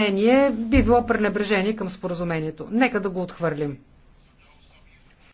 мнение би било пренебрежение към споразумението. Нека да го отхвърлим.